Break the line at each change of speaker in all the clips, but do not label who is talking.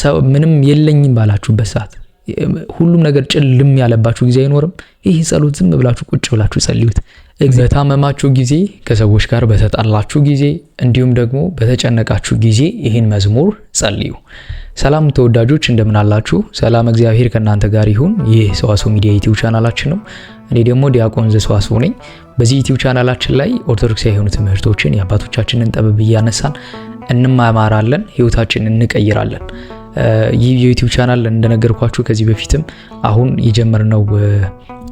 ሰው ምንም የለኝም ባላችሁበት ሰዓት ሁሉም ነገር ጭልም ያለባችሁ ጊዜ አይኖርም። ይህ ጸሎት ዝም ብላችሁ ቁጭ ብላችሁ ጸልዩት። በታመማችሁ ጊዜ፣ ከሰዎች ጋር በተጣላችሁ ጊዜ፣ እንዲሁም ደግሞ በተጨነቃችሁ ጊዜ ይህን መዝሙር ጸልዩ። ሰላም ተወዳጆች እንደምን አላችሁ? ሰላም እግዚአብሔር ከእናንተ ጋር ይሁን። ይህ ሰዋስው ሚዲያ ዩቲዩብ ቻናላችን ነው። እኔ ደግሞ ዲያቆን ዘሰዋስው ነኝ። በዚህ ዩቲዩብ ቻናላችን ላይ ኦርቶዶክሳዊ የሆኑ ትምህርቶችን የአባቶቻችንን ጥበብ እያነሳን እንማማራለን፣ ህይወታችንን እንቀይራለን። ይህ የዩቲዩብ ቻናል እንደነገርኳችሁ ከዚህ በፊትም አሁን የጀመርነው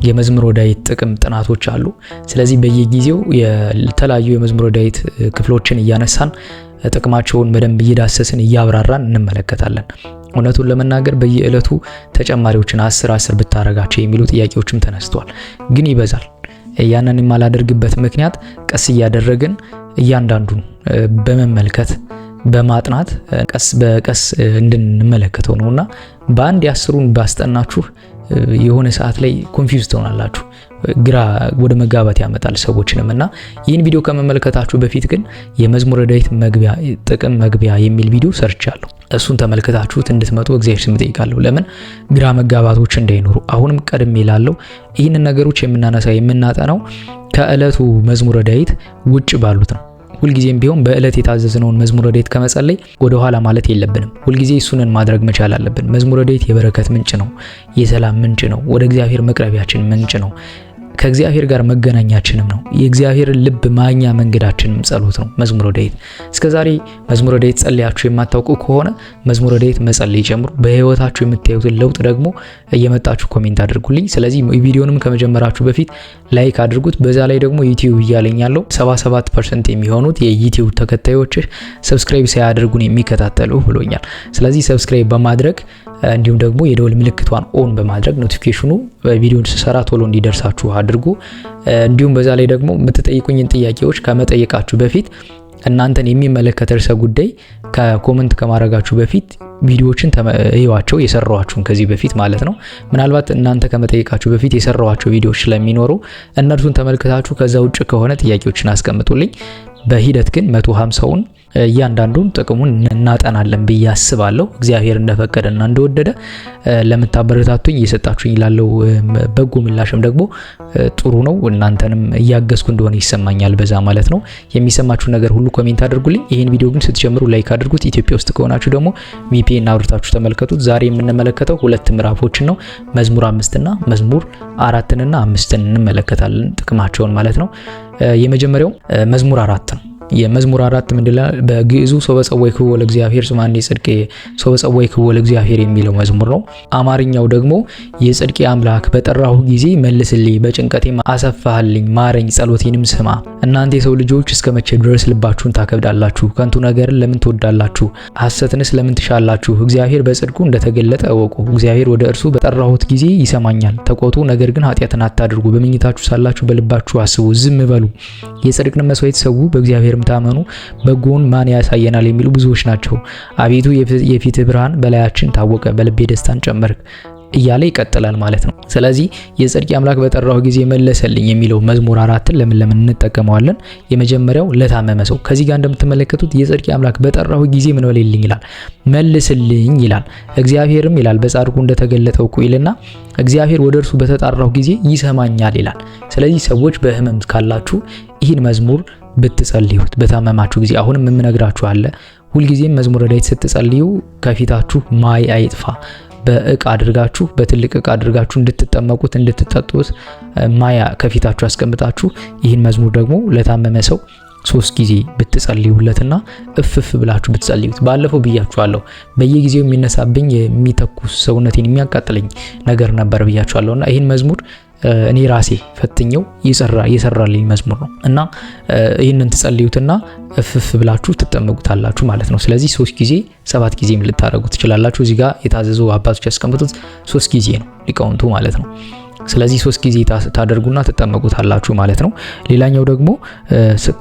የመዝሙር ወዳዊት ጥቅም ጥናቶች አሉ። ስለዚህ በየጊዜው የተለያዩ የመዝሙር ወዳዊት ክፍሎችን እያነሳን ጥቅማቸውን በደንብ እየዳሰስን እያብራራን እንመለከታለን። እውነቱን ለመናገር በየዕለቱ ተጨማሪዎችን አስር አስር ብታረጋቸው የሚሉ ጥያቄዎችም ተነስተዋል። ግን ይበዛል። ያንን የማላደርግበት ምክንያት ቀስ እያደረግን እያንዳንዱን በመመልከት በማጥናት ቀስ በቀስ እንድንመለከተው ነው እና በአንድ የአስሩን ባስጠናችሁ የሆነ ሰዓት ላይ ኮንፊውዝ ትሆናላችሁ። ግራ ወደ መጋባት ያመጣል ሰዎችንም እና ይህን ቪዲዮ ከመመልከታችሁ በፊት ግን የመዝሙረ ዳዊት መግቢያ ጥቅም መግቢያ የሚል ቪዲዮ ሰርቻለሁ። እሱን ተመልከታችሁት እንድትመጡ እግዚአብሔር ስም ጠይቃለሁ። ለምን ግራ መጋባቶች እንዳይኖሩ አሁንም ቀድሜ ላለው ይህንን ነገሮች የምናነሳ የምናጠናው ከእለቱ መዝሙረ ዳዊት ውጭ ባሉት ነው። ሁልጊዜም ቢሆን በእለት የታዘዝነውን መዝሙረ ዳዊት ከመጸለይ ወደኋላ ማለት የለብንም። ሁልጊዜ እሱንን ማድረግ መቻል አለብን። መዝሙረ ዳዊት የበረከት ምንጭ ነው፣ የሰላም ምንጭ ነው፣ ወደ እግዚአብሔር መቅረቢያችን ምንጭ ነው። ከእግዚአብሔር ጋር መገናኛችንም ነው። የእግዚአብሔር ልብ ማኛ መንገዳችንም ጸሎት ነው መዝሙረ ዳዊት። እስከዛሬ መዝሙረ ዳዊት ጸልያችሁ የማታውቁ ከሆነ መዝሙረ ዳዊት መጸለይ ጀምሩ። በህይወታችሁ የምታዩትን ለውጥ ደግሞ እየመጣችሁ ኮሜንት አድርጉልኝ። ስለዚህ ቪዲዮንም ከመጀመራችሁ በፊት ላይክ አድርጉት። በዛ ላይ ደግሞ ዩቲዩብ እያለኝ ያለው 77 የሚሆኑት የዩቲዩብ ተከታዮች ሰብስክራይብ ሳያደርጉን የሚከታተሉ ብሎኛል። ስለዚህ ሰብስክራይብ በማድረግ እንዲሁም ደግሞ የደወል ምልክቷን ኦን በማድረግ ኖቲፊኬሽኑ ቪዲዮን ስሰራ ቶሎ እንዲደርሳችሁ አድርጉ። እንዲሁም በዛ ላይ ደግሞ የምትጠይቁኝን ጥያቄዎች ከመጠየቃችሁ በፊት እናንተን የሚመለከት ርዕሰ ጉዳይ ከኮመንት ከማድረጋችሁ በፊት ቪዲዮዎችን ተመይዋቸው የሰራኋችሁን ከዚህ በፊት ማለት ነው። ምናልባት እናንተ ከመጠየቃችሁ በፊት የሰራኋቸው ቪዲዮዎች ስለሚኖሩ እነርሱን ተመልክታችሁ ከዛ ውጭ ከሆነ ጥያቄዎችን አስቀምጡልኝ። በሂደት ግን 150ውን እያንዳንዱን ጥቅሙን እናጠናለን ብዬ አስባለሁ። እግዚአብሔር እንደፈቀደና እንደወደደ ለምታበረታቱኝ እየሰጣችሁኝ ላለው በጎ ምላሽም ደግሞ ጥሩ ነው። እናንተንም እያገዝኩ እንደሆነ ይሰማኛል በዛ ማለት ነው። የሚሰማችሁ ነገር ሁሉ ኮሜንት አድርጉልኝ። ይህን ቪዲዮ ግን ስትጀምሩ ላይክ አድርጉት። ኢትዮጵያ ውስጥ ከሆናችሁ ደግሞ ቪፒኤን አብርታችሁ ተመልከቱት። ዛሬ የምንመለከተው ሁለት ምዕራፎችን ነው። መዝሙር አምስትና መዝሙር አራትንና አምስትን እንመለከታለን። ጥቅማቸውን ማለት ነው። የመጀመሪያው መዝሙር አራት ነው። የመዝሙር አራት ምንድላ በግዕዙ ሶበ ጸወይክዎ ለእግዚአብሔር ስማኔ ጽድቄ ሶበ ጸወይክዎ ለእግዚአብሔር የሚለው መዝሙር ነው። አማርኛው ደግሞ የጽድቄ አምላክ በጠራሁ ጊዜ መልስልኝ፣ በጭንቀቴ አሰፋህልኝ፣ ማረኝ፣ ጸሎቴንም ስማ። እናንተ የሰው ልጆች እስከ መቼ ድረስ ልባችሁን ታከብዳላችሁ? ከንቱ ነገርን ለምን ትወዳላችሁ? ሐሰትንስ ለምን ትሻላችሁ? እግዚአብሔር በጽድቁ እንደተገለጠ እወቁ። እግዚአብሔር ወደ እርሱ በጠራሁት ጊዜ ይሰማኛል። ተቆጡ፣ ነገር ግን ኃጢአትን አታድርጉ። በመኝታችሁ ሳላችሁ በልባችሁ አስቡ፣ ዝም በሉ። የጽድቅን መስዋዕት ሰው በእግዚአብሔር በእግዚአብሔርም ታመኑ በጎን ማን ያሳየናል የሚሉ ብዙዎች ናቸው። አቤቱ የፊት ብርሃን በላያችን ታወቀ፣ በልቤ ደስታን ጨመርክ እያለ ይቀጥላል ማለት ነው። ስለዚህ የጽድቅ አምላክ በጠራሁ ጊዜ መለሰልኝ የሚለው መዝሙር አራትን ለምን ለምን እንጠቀመዋለን? የመጀመሪያው ለታመመ ሰው ከዚህ ጋር እንደምትመለከቱት የጽድቅ አምላክ በጠራሁ ጊዜ ምን በልልኝ ይላል፣ መልስልኝ ይላል። እግዚአብሔርም ይላል በጻድቁ እንደተገለጠው እኮ ይልና እግዚአብሔር ወደ እርሱ በተጣራሁ ጊዜ ይሰማኛል ይላል። ስለዚህ ሰዎች በህመም ካላችሁ ይህን መዝሙር ብትጸልዩት በታመማችሁ ጊዜ አሁንም የምነግራችሁ አለ። ሁልጊዜም መዝሙረ ዳዊት ስትጸልዩ ከፊታችሁ ማይ አይጥፋ በእቃ አድርጋችሁ በትልቅ እቃ አድርጋችሁ እንድትጠመቁት እንድትጠጡት ማያ ከፊታችሁ አስቀምጣችሁ ይህን መዝሙር ደግሞ ለታመመ ሰው ሶስት ጊዜ ብትጸልዩለትና እፍፍ ብላችሁ ብትጸልዩት። ባለፈው ብያችኋለሁ፣ በየጊዜው የሚነሳብኝ የሚተኩስ ሰውነቴን የሚያቃጥለኝ ነገር ነበር ብያችኋለሁና ይህን መዝሙር እኔ ራሴ ፈትኘው የሰራ የሰራልኝ መዝሙር ነው እና ይህንን ትጸልዩትና እፍፍ ብላችሁ ትጠመቁታላችሁ ማለት ነው። ስለዚህ ሶስት ጊዜ ሰባት ጊዜም ልታደርጉ ትችላላችሁ። እዚህ ጋር የታዘዙ አባቶች ያስቀምጡት ሶስት ጊዜ ነው ሊቃውንቱ ማለት ነው። ስለዚህ ሶስት ጊዜ ታደርጉና ትጠመቁታላችሁ ማለት ነው። ሌላኛው ደግሞ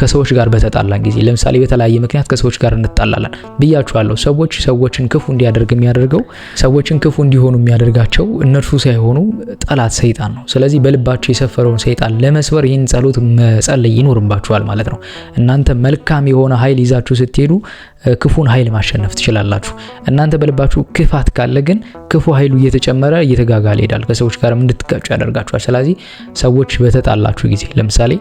ከሰዎች ጋር በተጣላን ጊዜ ለምሳሌ በተለያየ ምክንያት ከሰዎች ጋር እንጣላለን ብያችኋለሁ። ሰዎች ሰዎችን ክፉ እንዲያደርግ የሚያደርገው ሰዎችን ክፉ እንዲሆኑ የሚያደርጋቸው እነርሱ ሳይሆኑ ጠላት ሰይጣን ነው። ስለዚህ በልባቸው የሰፈረውን ሰይጣን ለመስበር ይህን ጸሎት መጸለይ ይኖርባችኋል ማለት ነው። እናንተ መልካም የሆነ ኃይል ይዛችሁ ስትሄዱ ክፉን ኃይል ማሸነፍ ትችላላችሁ። እናንተ በልባችሁ ክፋት ካለ ግን ክፉ ኃይሉ እየተጨመረ እየተጋጋለ ይሄዳል። ከሰዎች ጋርም እንድትጋጩ ያደርጋችኋል። ስለዚህ ሰዎች በተጣላችሁ ጊዜ ለምሳሌ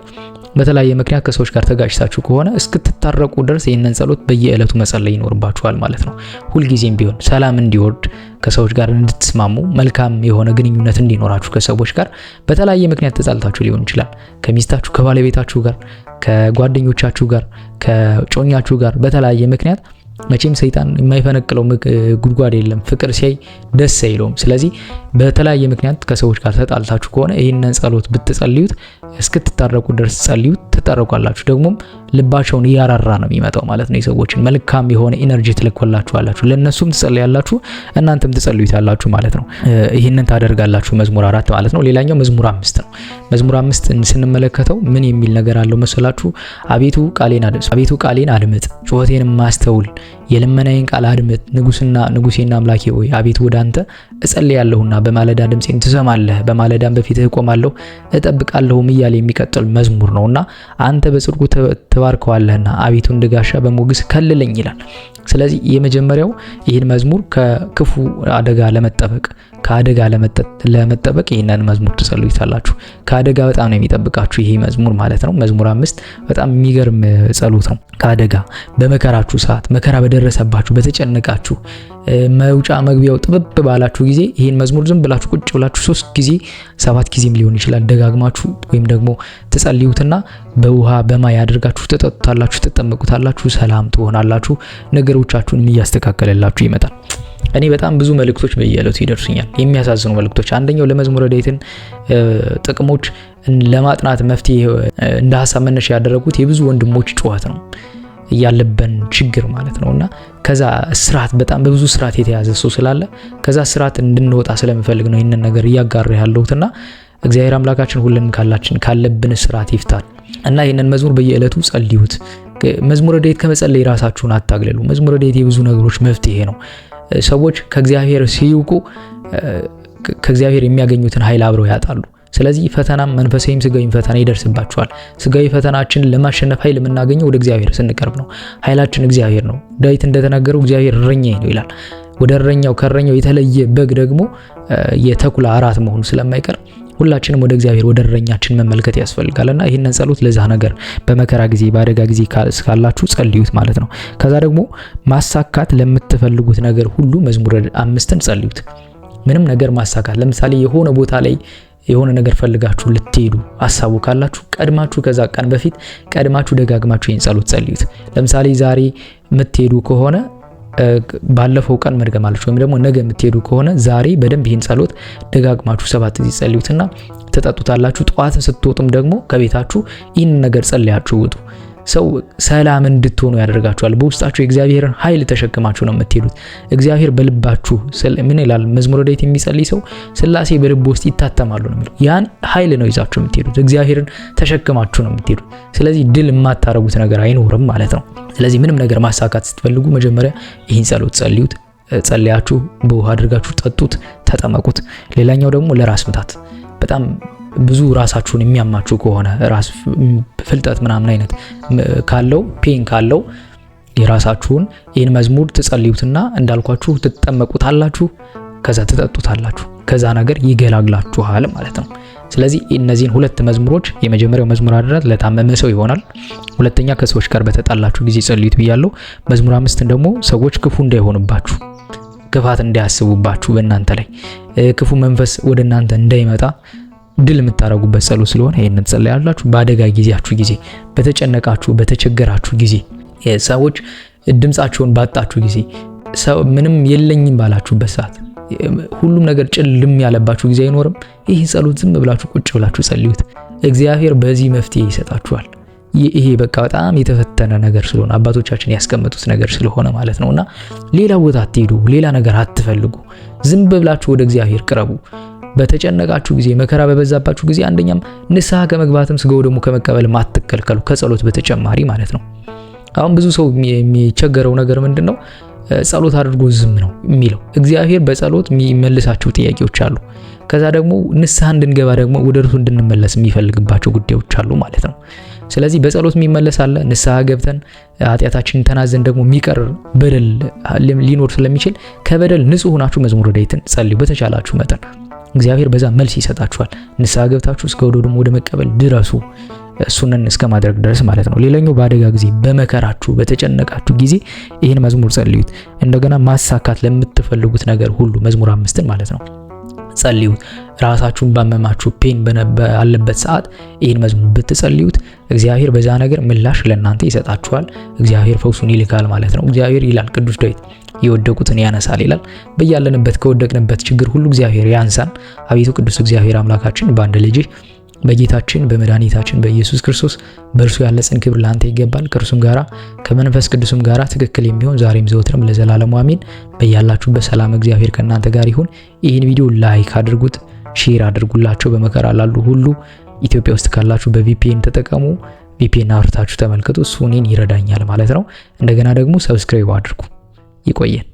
በተለያየ ምክንያት ከሰዎች ጋር ተጋጭታችሁ ከሆነ እስክትታረቁ ድረስ ይህንን ጸሎት በየዕለቱ መጸለይ ይኖርባችኋል ማለት ነው። ሁልጊዜም ቢሆን ሰላም እንዲወርድ ከሰዎች ጋር እንድትስማሙ መልካም የሆነ ግንኙነት እንዲኖራችሁ ከሰዎች ጋር በተለያየ ምክንያት ተጣልታችሁ ሊሆን ይችላል። ከሚስታችሁ፣ ከባለቤታችሁ ጋር፣ ከጓደኞቻችሁ ጋር፣ ከጮኛችሁ ጋር በተለያየ ምክንያት መቼም ሰይጣን የማይፈነቅለው ጉድጓድ የለም። ፍቅር ሲያይ ደስ አይለውም። ስለዚህ በተለያየ ምክንያት ከሰዎች ጋር ተጣልታችሁ ከሆነ ይህንን ጸሎት ብትጸልዩት እስክትታረቁ ድረስ ጸልዩት። ትታረቋላችሁ። ደግሞም ልባቸውን እያራራ ነው የሚመጣው ማለት ነው። የሰዎችን መልካም የሆነ ኢነርጂ ትልኮላችኋላችሁ፣ ለእነሱም ትጸልያላችሁ፣ እናንተም ትጸልዩታላችሁ ማለት ነው። ይህንን ታደርጋላችሁ። መዝሙር አራት ማለት ነው። ሌላኛው መዝሙር አምስት ነው። መዝሙር አምስት ስንመለከተው ምን የሚል ነገር አለው መሰላችሁ? አቤቱ ቃሌን አድምጥ፣ አቤቱ ቃሌን አድምጥ፣ ጩኸቴንም ማስተውል፣ የልመናዬን ቃል አድምጥ። ንጉስና ንጉሴና አምላኬ ሆይ አቤቱ ወደ አንተ እጸልያለሁና በማለዳ ድምፄን ትሰማለህ፣ በማለዳን በፊትህ እቆማለሁ እጠብቃለሁም እያለ የሚቀጥል መዝሙር ነውና አንተ በጽድቁ ተባርከዋለህና አቤቱ እንደ ጋሻ በሞገስ ከልለኝ ይላል። ስለዚህ የመጀመሪያው ይህን መዝሙር ከክፉ አደጋ ለመጠበቅ ከአደጋ ለመጠበቅ ይህንን መዝሙር ትጸልዩታላችሁ። ከአደጋ በጣም ነው የሚጠብቃችሁ ይሄ መዝሙር ማለት ነው። መዝሙር አምስት በጣም የሚገርም ጸሎት ነው። ከአደጋ በመከራችሁ ሰዓት፣ መከራ በደረሰባችሁ፣ በተጨነቃችሁ፣ መውጫ መግቢያው ጥብብ ባላችሁ ጊዜ ይህን መዝሙር ዝም ብላችሁ ቁጭ ብላችሁ ሶስት ጊዜ ሰባት ጊዜም ሊሆን ይችላል ደጋግማችሁ ወይም ደግሞ ትጸልዩትና በውሃ በማይ አድርጋችሁ ትጠጡታላችሁ፣ ትጠመቁታላችሁ፣ ሰላም ትሆናላችሁ። ነገሮቻችሁን እያስተካከለላችሁ ይመጣል። እኔ በጣም ብዙ መልእክቶች በየለቱ ይደርሱኛል፣ የሚያሳዝኑ መልእክቶች። አንደኛው ለመዝሙረ ዳዊትን ጥቅሞች ለማጥናት መፍትሄ እንደ ሀሳብ መነሻ ያደረጉት የብዙ ወንድሞች ጩኸት ነው ያለብን ችግር ማለት ነው። እና ከዛ ስርዓት በጣም በብዙ ስርዓት የተያዘ ሰው ስላለ ከዛ ስርዓት እንድንወጣ ስለምፈልግ ነው ይህንን ነገር እያጋራ ያለሁትና እግዚአብሔር አምላካችን ሁሉን ካላችን ካለብን ስርዓት ይፍታል እና ይህንን መዝሙር በየዕለቱ ጸልዩት። መዝሙረ ዳዊት ከመጸለይ ራሳችሁን አታግለሉ። መዝሙረ ዳዊት የብዙ ነገሮች መፍትሄ ነው። ሰዎች ከእግዚአብሔር ሲውቁ ከእግዚአብሔር የሚያገኙትን ኃይል አብረው ያጣሉ። ስለዚህ ፈተናም መንፈሳዊም ስጋዊም ፈተና ይደርስባቸዋል። ስጋዊ ፈተናችንን ለማሸነፍ ኃይል የምናገኘው ወደ እግዚአብሔር ስንቀርብ ነው። ኃይላችን እግዚአብሔር ነው። ዳዊት እንደተናገረው እግዚአብሔር እረኛዬ ነው ይላል። ወደ እረኛው ከእረኛው የተለየ በግ ደግሞ የተኩላ አራት መሆኑ ስለማይቀር ሁላችንም ወደ እግዚአብሔር ወደ እረኛችን መመልከት ያስፈልጋል እና ይህንን ጸሎት ለዛ ነገር በመከራ ጊዜ በአደጋ ጊዜ ካላችሁ ጸልዩት ማለት ነው። ከዛ ደግሞ ማሳካት ለምትፈልጉት ነገር ሁሉ መዝሙር አምስትን ጸልዩት። ምንም ነገር ማሳካት ለምሳሌ የሆነ ቦታ ላይ የሆነ ነገር ፈልጋችሁ ልትሄዱ አሳቡ ካላችሁ ቀድማችሁ ከዛ ቀን በፊት ቀድማችሁ ደጋግማችሁ ይህን ጸሎት ጸልዩት። ለምሳሌ ዛሬ የምትሄዱ ከሆነ ባለፈው ቀን መድገም አለች ወይም ደግሞ ነገ የምትሄዱ ከሆነ ዛሬ በደንብ ይህን ጸሎት ደጋግማችሁ ሰባት ጊዜ ጸልዩትና ተጠጡታላችሁ። ጠዋት ስትወጡም ደግሞ ከቤታችሁ ይህን ነገር ጸልያችሁ ውጡ። ሰው ሰላም እንድትሆኑ ያደርጋችኋል። በውስጣችሁ የእግዚአብሔርን ኃይል ተሸክማችሁ ነው የምትሄዱት። እግዚአብሔር በልባችሁ ምን ይላል? መዝሙረ ዳዊት የሚጸልይ ሰው ስላሴ በልብ ውስጥ ይታተማሉ ነው የሚለው። ያን ኃይል ነው ይዛችሁ የምትሄዱት። እግዚአብሔርን ተሸክማችሁ ነው የምትሄዱት። ስለዚህ ድል የማታረጉት ነገር አይኖርም ማለት ነው። ስለዚህ ምንም ነገር ማሳካት ስትፈልጉ መጀመሪያ ይህን ጸሎት ጸልዩት። ጸልያችሁ በውሃ አድርጋችሁ ጠጡት፣ ተጠመቁት። ሌላኛው ደግሞ ለራስ ምታት በጣም ብዙ ራሳችሁን የሚያማችሁ ከሆነ ራስ ፍልጠት ምናምን አይነት ካለው ፔን ካለው የራሳችሁን ይህን መዝሙር ትጸልዩትና እንዳልኳችሁ ትጠመቁታላችሁ፣ ከዛ ትጠጡታላችሁ። ከዛ ነገር ይገላግላችኋል ማለት ነው። ስለዚህ እነዚህን ሁለት መዝሙሮች የመጀመሪያው መዝሙር አድራት ለታመመ ሰው ይሆናል። ሁለተኛ ከሰዎች ጋር በተጣላችሁ ጊዜ ጸልዩት ብያለሁ። መዝሙር አምስትን ደግሞ ሰዎች ክፉ እንዳይሆኑባችሁ፣ ክፋት እንዳያስቡባችሁ በእናንተ ላይ ክፉ መንፈስ ወደ እናንተ እንዳይመጣ ድል የምታደርጉበት ጸሎት ስለሆነ ይህንን ጸልያላችሁ። በአደጋ ጊዜያችሁ ጊዜ፣ በተጨነቃችሁ በተቸገራችሁ ጊዜ፣ ሰዎች ድምፃቸውን ባጣችሁ ጊዜ፣ ምንም የለኝም ባላችሁበት ሰዓት፣ ሁሉም ነገር ጭልም ያለባችሁ ጊዜ አይኖርም። ይህ ጸሎት ዝም ብላችሁ ቁጭ ብላችሁ ጸልዩት። እግዚአብሔር በዚህ መፍትሄ ይሰጣችኋል። ይሄ በቃ በጣም የተፈተነ ነገር ስለሆነ አባቶቻችን ያስቀመጡት ነገር ስለሆነ ማለት ነውና ሌላ ቦታ አትሄዱ፣ ሌላ ነገር አትፈልጉ። ዝም ብላችሁ ወደ እግዚአብሔር ቅረቡ። በተጨነቃችሁ ጊዜ፣ መከራ በበዛባችሁ ጊዜ አንደኛም ንስሐ ከመግባትም ስጋው ደግሞ ከመቀበል አትከልከሉ፣ ከጸሎት በተጨማሪ ማለት ነው። አሁን ብዙ ሰው የሚቸገረው ነገር ምንድን ነው? ጸሎት አድርጎ ዝም ነው የሚለው። እግዚአብሔር በጸሎት የሚመልሳቸው ጥያቄዎች አሉ። ከዛ ደግሞ ንስሐ እንድንገባ ደግሞ ወደ እርሱ እንድንመለስ የሚፈልግባቸው ጉዳዮች አሉ ማለት ነው። ስለዚህ በጸሎት የሚመለስ አለ። ንስሐ ገብተን ኃጢአታችንን ተናዘን ደግሞ የሚቀር በደል ሊኖር ስለሚችል ከበደል ንጹሕ ሆናችሁ መዝሙረ ዳዊትን ጸልዩ በተቻላችሁ መጠን እግዚአብሔር በዛ መልስ ይሰጣችኋል። ንስሐ ገብታችሁ እስከ ወደ ወደ መቀበል ድረሱ። እሱንን እስከ ማድረግ ድረስ ማለት ነው። ሌላኛው በአደጋ ጊዜ፣ በመከራችሁ በተጨነቃችሁ ጊዜ ይህን መዝሙር ጸልዩት። እንደገና ማሳካት ለምትፈልጉት ነገር ሁሉ መዝሙር አምስትን ማለት ነው ጸልዩት። ራሳችሁን ባመማችሁ ፔን ባለበት ሰዓት ይህን መዝሙር ብትጸልዩት እግዚአብሔር በዛ ነገር ምላሽ ለእናንተ ይሰጣችኋል። እግዚአብሔር ፈውሱን ይልካል ማለት ነው። እግዚአብሔር ይላል ቅዱስ ዳዊት የወደቁትን ያነሳል ይላል። በያለንበት ከወደቅንበት ችግር ሁሉ እግዚአብሔር ያንሳን። አቤቱ ቅዱስ እግዚአብሔር አምላካችን በአንድ ልጅህ በጌታችን በመድኃኒታችን በኢየሱስ ክርስቶስ በእርሱ ያለ ክብር ለአንተ ይገባል። ከእርሱም ጋራ ከመንፈስ ቅዱስም ጋራ ትክክል የሚሆን ዛሬም ዘወትርም ለዘላለሙ አሜን። በያላችሁበት ሰላም እግዚአብሔር ከእናንተ ጋር ይሁን። ይህን ቪዲዮ ላይክ አድርጉት፣ ሼር አድርጉላቸው። በመከራ ላሉ ሁሉ ኢትዮጵያ ውስጥ ካላችሁ በቪፒኤን ተጠቀሙ። ቪፒኤን አውርታችሁ ተመልክቱ። እሱ እኔን ይረዳኛል ማለት ነው። እንደገና ደግሞ ሰብስክራይብ አድርጉ። ይቆየን።